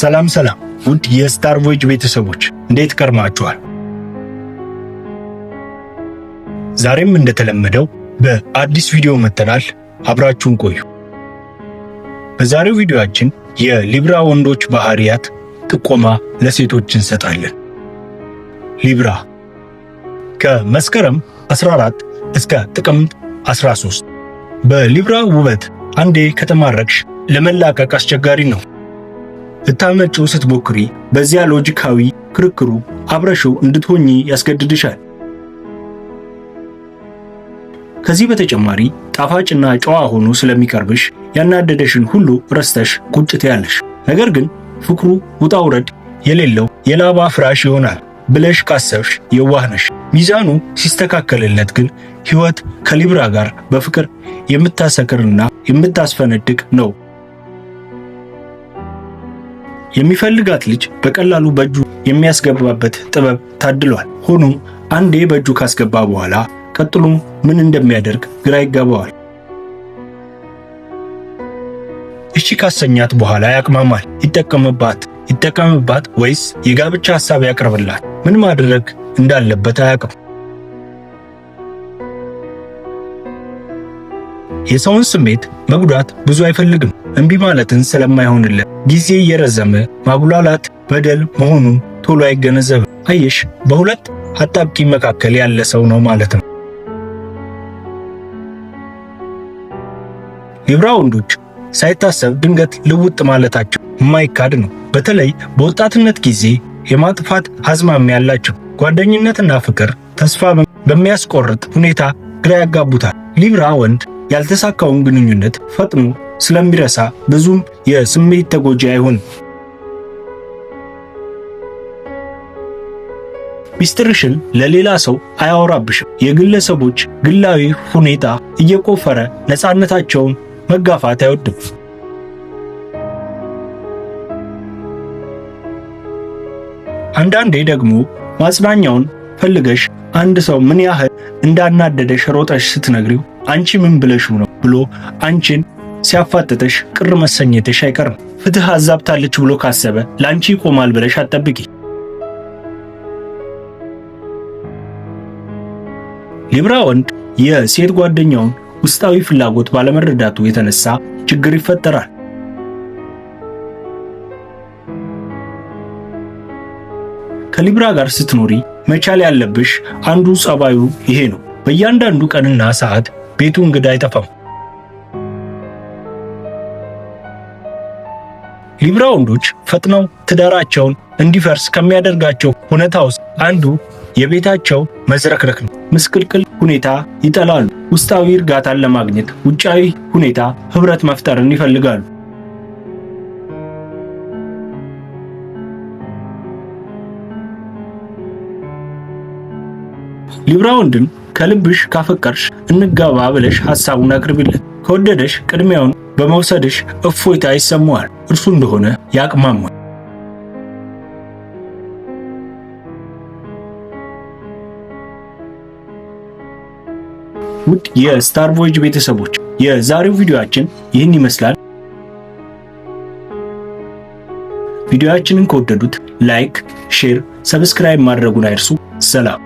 ሰላም ሰላም ውድ የስታር ቮይጅ ቤተሰቦች እንዴት ከርማችኋል? ዛሬም እንደተለመደው በአዲስ ቪዲዮ መጥተናል። አብራችሁን ቆዩ። በዛሬው ቪዲዮአችን የሊብራ ወንዶች ባህሪያት ጥቆማ ለሴቶች እንሰጣለን። ሊብራ ከመስከረም 14 እስከ ጥቅምት 13። በሊብራ ውበት አንዴ ከተማረክሽ ለመላቀቅ አስቸጋሪ ነው። ልታመጪው ስትሞክሪ በዚያ ሎጂካዊ ክርክሩ አብረሽው እንድትሆኚ ያስገድድሻል። ከዚህ በተጨማሪ ጣፋጭና ጨዋ ሆኖ ስለሚቀርብሽ ያናደደሽን ሁሉ ረስተሽ ቁጭ ትያለሽ። ነገር ግን ፍቅሩ ውጣ ውረድ የሌለው የላባ ፍራሽ ይሆናል ብለሽ ካሰብሽ የዋህ ነሽ። ሚዛኑ ሲስተካከልለት ግን ሕይወት ከሊብራ ጋር በፍቅር የምታሰክርና የምታስፈነድቅ ነው። የሚፈልጋት ልጅ በቀላሉ በእጁ የሚያስገባበት ጥበብ ታድሏል። ሆኖም አንዴ በእጁ ካስገባ በኋላ ቀጥሎ ምን እንደሚያደርግ ግራ ይጋባዋል። እሺ ካሰኛት በኋላ ያቅማማል። ይጠቀምባት ይጠቀምባት ወይስ የጋብቻ ሐሳብ ያቀርብላት? ምን ማድረግ እንዳለበት አያቅም። የሰውን ስሜት መጉዳት ብዙ አይፈልግም። እምቢ ማለትን ስለማይሆንለት ጊዜ እየረዘመ ማጉላላት በደል መሆኑን ቶሎ አይገነዘብም። አየሽ፣ በሁለት አጣብቂኝ መካከል ያለ ሰው ነው ማለት ነው። ሊብራ ወንዶች ሳይታሰብ ድንገት ልውጥ ማለታቸው የማይካድ ነው። በተለይ በወጣትነት ጊዜ የማጥፋት አዝማሚያ ያላቸው ጓደኝነትና ፍቅር ተስፋ በሚያስቆርጥ ሁኔታ ግራ ያጋቡታል። ሊብራ ወንድ ያልተሳካውን ግንኙነት ፈጥኖ ስለሚረሳ ብዙም የስሜት ተጎጂ አይሁን። ሚስጥርሽን ለሌላ ሰው አያወራብሽም። የግለሰቦች ግላዊ ሁኔታ እየቆፈረ ነፃነታቸውን መጋፋት አይወድም። አንዳንዴ ደግሞ ማጽናኛውን ፈልገሽ አንድ ሰው ምን ያህል እንዳናደደሽ ሮጠሽ ስትነግሪው አንቺ ምን ብለሽው ነው ብሎ አንቺን ሲያፋጥጥሽ ቅር መሰኘትሽ አይቀርም። ፍትህ አዛብታለች ብሎ ካሰበ ለአንቺ ይቆማል ብለሽ አትጠብቂ። ሊብራ ወንድ የሴት ጓደኛውን ውስጣዊ ፍላጎት ባለመረዳቱ የተነሳ ችግር ይፈጠራል። ከሊብራ ጋር ስትኖሪ መቻል ያለብሽ አንዱ ጸባዩ ይሄ ነው። በእያንዳንዱ ቀንና ሰዓት ቤቱ እንግዳ አይጠፋም። ሊብራ ወንዶች ፈጥነው ትዳራቸውን እንዲፈርስ ከሚያደርጋቸው ሁኔታ ውስጥ አንዱ የቤታቸው መዝረክረክ ነው። ምስቅልቅል ሁኔታ ይጠላሉ። ውስጣዊ እርጋታን ለማግኘት ውጫዊ ሁኔታ ህብረት መፍጠርን ይፈልጋሉ። ሊብራ ወንድም ከልብሽ ካፈቀርሽ እንጋባ ብለሽ ሐሳቡን አቅርቢለት። ከወደደሽ ቅድሚያውን በመውሰድሽ እፎይታ ይሰማዋል። እርሱ እንደሆነ ያቅማሙ። ውድ የስታር ቮይጅ ቤተሰቦች የዛሬው ቪዲዮአችን ይህን ይመስላል። ቪዲዮአችንን ከወደዱት ላይክ፣ ሼር፣ ሰብስክራይብ ማድረጉን አይርሱ። ሰላም